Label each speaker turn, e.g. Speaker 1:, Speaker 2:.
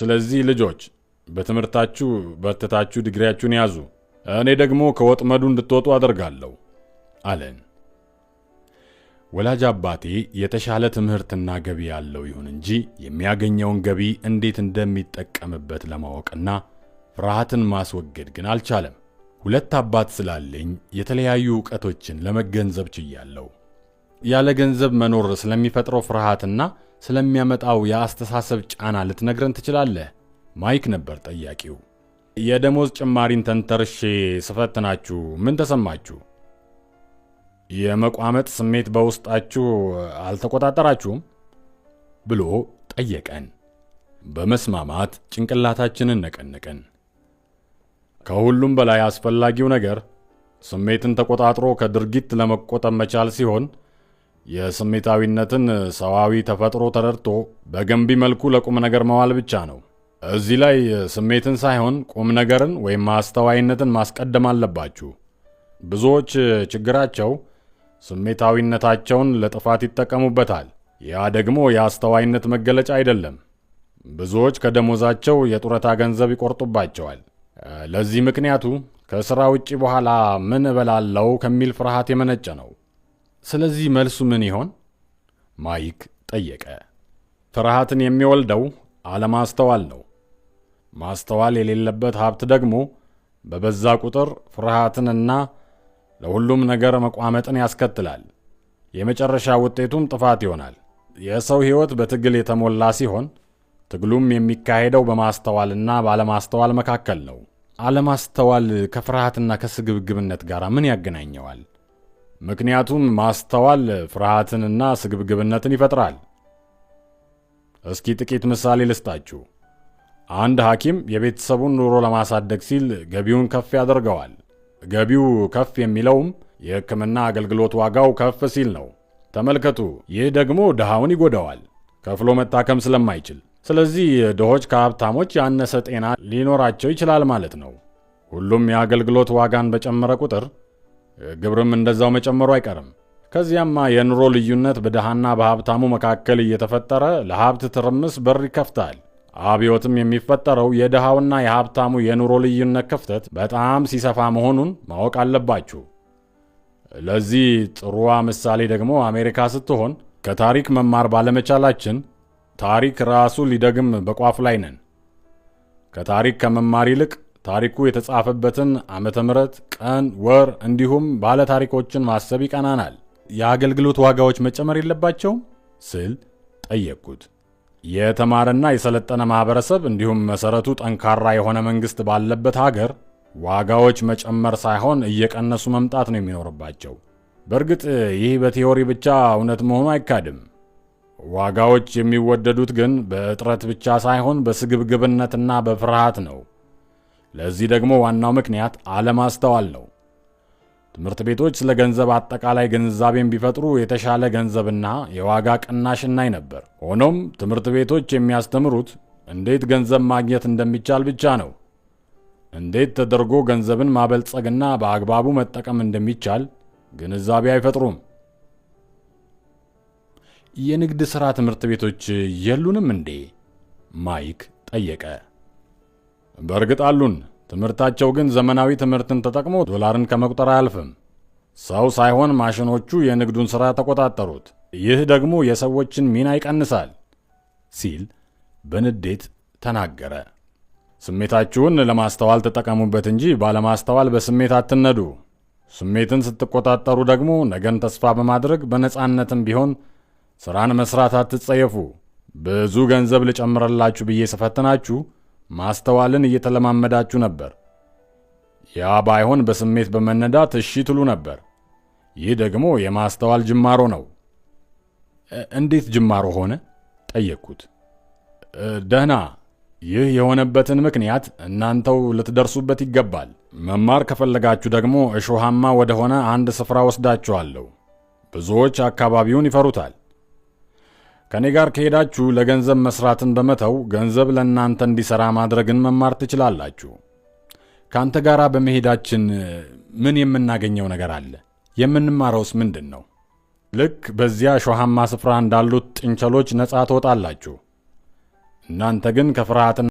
Speaker 1: ስለዚህ ልጆች በትምህርታችሁ በትታችሁ ድግሪያችሁን ያዙ፣ እኔ ደግሞ ከወጥመዱ እንድትወጡ አደርጋለሁ አለን። ወላጅ አባቴ የተሻለ ትምህርትና ገቢ ያለው ይሁን እንጂ የሚያገኘውን ገቢ እንዴት እንደሚጠቀምበት ለማወቅና ፍርሃትን ማስወገድ ግን አልቻለም። ሁለት አባት ስላለኝ የተለያዩ እውቀቶችን ለመገንዘብ ችያለሁ። ያለ ገንዘብ መኖር ስለሚፈጥረው ፍርሃትና ስለሚያመጣው የአስተሳሰብ ጫና ልትነግረን ትችላለህ? ማይክ ነበር ጠያቂው። የደሞዝ ጭማሪን ተንተርሼ ስፈትናችሁ ምን ተሰማችሁ? የመቋመጥ ስሜት በውስጣችሁ አልተቆጣጠራችሁም? ብሎ ጠየቀን። በመስማማት ጭንቅላታችንን ነቀነቅን። ከሁሉም በላይ አስፈላጊው ነገር ስሜትን ተቆጣጥሮ ከድርጊት ለመቆጠብ መቻል ሲሆን የስሜታዊነትን ሰዋዊ ተፈጥሮ ተረድቶ በገንቢ መልኩ ለቁም ነገር መዋል ብቻ ነው። እዚህ ላይ ስሜትን ሳይሆን ቁም ነገርን ወይም አስተዋይነትን ማስቀደም አለባችሁ። ብዙዎች ችግራቸው ስሜታዊነታቸውን ለጥፋት ይጠቀሙበታል። ያ ደግሞ የአስተዋይነት መገለጫ አይደለም። ብዙዎች ከደሞዛቸው የጡረታ ገንዘብ ይቆርጡባቸዋል። ለዚህ ምክንያቱ ከሥራ ውጪ በኋላ ምን እበላለው ከሚል ፍርሃት የመነጨ ነው። ስለዚህ መልሱ ምን ይሆን? ማይክ ጠየቀ። ፍርሃትን የሚወልደው አለማስተዋል ነው። ማስተዋል የሌለበት ሀብት ደግሞ በበዛ ቁጥር ፍርሃትንና ለሁሉም ነገር መቋመጥን ያስከትላል። የመጨረሻ ውጤቱም ጥፋት ይሆናል። የሰው ሕይወት በትግል የተሞላ ሲሆን ትግሉም የሚካሄደው በማስተዋልና ባለማስተዋል መካከል ነው። አለማስተዋል ከፍርሃትና ከስግብግብነት ጋር ምን ያገናኘዋል? ምክንያቱም ማስተዋል ፍርሃትንና ስግብግብነትን ይፈጥራል። እስኪ ጥቂት ምሳሌ ልስጣችሁ። አንድ ሐኪም የቤተሰቡን ኑሮ ለማሳደግ ሲል ገቢውን ከፍ ያደርገዋል። ገቢው ከፍ የሚለውም የሕክምና አገልግሎት ዋጋው ከፍ ሲል ነው። ተመልከቱ፣ ይህ ደግሞ ድሃውን ይጎዳዋል፣ ከፍሎ መታከም ስለማይችል። ስለዚህ ድሆች ከሀብታሞች ያነሰ ጤና ሊኖራቸው ይችላል ማለት ነው። ሁሉም የአገልግሎት ዋጋን በጨመረ ቁጥር ግብርም እንደዛው መጨመሩ አይቀርም። ከዚያማ የኑሮ ልዩነት በድሃና በሀብታሙ መካከል እየተፈጠረ ለሀብት ትርምስ በር ይከፍታል። አብዮትም የሚፈጠረው የድሃውና የሀብታሙ የኑሮ ልዩነት ክፍተት በጣም ሲሰፋ መሆኑን ማወቅ አለባችሁ። ለዚህ ጥሩዋ ምሳሌ ደግሞ አሜሪካ ስትሆን ከታሪክ መማር ባለመቻላችን ታሪክ ራሱ ሊደግም በቋፍ ላይ ነን። ከታሪክ ከመማር ይልቅ ታሪኩ የተጻፈበትን ዓመተ ምሕረት፣ ቀን፣ ወር እንዲሁም ባለ ታሪኮችን ማሰብ ይቀናናል። የአገልግሎት ዋጋዎች መጨመር የለባቸውም ስል ጠየቅኩት። የተማረና የሰለጠነ ማህበረሰብ እንዲሁም መሰረቱ ጠንካራ የሆነ መንግስት ባለበት ሀገር ዋጋዎች መጨመር ሳይሆን እየቀነሱ መምጣት ነው የሚኖርባቸው። በእርግጥ ይህ በቲዎሪ ብቻ እውነት መሆኑ አይካድም። ዋጋዎች የሚወደዱት ግን በእጥረት ብቻ ሳይሆን በስግብግብነትና በፍርሃት ነው። ለዚህ ደግሞ ዋናው ምክንያት አለማስተዋል ነው። ትምህርት ቤቶች ስለ ገንዘብ አጠቃላይ ግንዛቤን ቢፈጥሩ የተሻለ ገንዘብና የዋጋ ቅናሽ እናይ ነበር። ሆኖም ትምህርት ቤቶች የሚያስተምሩት እንዴት ገንዘብ ማግኘት እንደሚቻል ብቻ ነው። እንዴት ተደርጎ ገንዘብን ማበልጸግና በአግባቡ መጠቀም እንደሚቻል ግንዛቤ አይፈጥሩም። የንግድ ሥራ ትምህርት ቤቶች የሉንም እንዴ? ማይክ ጠየቀ። በእርግጥ አሉን። ትምህርታቸው ግን ዘመናዊ ትምህርትን ተጠቅሞ ዶላርን ከመቁጠር አያልፍም። ሰው ሳይሆን ማሽኖቹ የንግዱን ሥራ ተቆጣጠሩት። ይህ ደግሞ የሰዎችን ሚና ይቀንሳል ሲል በንዴት ተናገረ። ስሜታችሁን ለማስተዋል ተጠቀሙበት እንጂ ባለማስተዋል በስሜት አትነዱ። ስሜትን ስትቆጣጠሩ ደግሞ ነገን ተስፋ በማድረግ በነፃነትም ቢሆን ሥራን መሥራት አትጸየፉ። ብዙ ገንዘብ ልጨምረላችሁ ብዬ ስፈትናችሁ ማስተዋልን እየተለማመዳችሁ ነበር። ያ ባይሆን በስሜት በመነዳት እሺ ትሉ ነበር። ይህ ደግሞ የማስተዋል ጅማሮ ነው። እንዴት ጅማሮ ሆነ? ጠየቅኩት። ደህና። ይህ የሆነበትን ምክንያት እናንተው ልትደርሱበት ይገባል። መማር ከፈለጋችሁ ደግሞ እሾሃማ ወደሆነ አንድ ስፍራ ወስዳችኋለሁ። ብዙዎች አካባቢውን ይፈሩታል። ከእኔ ጋር ከሄዳችሁ ለገንዘብ መስራትን በመተው ገንዘብ ለእናንተ እንዲሠራ ማድረግን መማር ትችላላችሁ። ከአንተ ጋር በመሄዳችን ምን የምናገኘው ነገር አለ? የምንማረውስ ምንድን ነው? ልክ በዚያ እሾሃማ ስፍራ እንዳሉት ጥንቸሎች ነፃ ትወጣላችሁ። እናንተ ግን ከፍርሃትና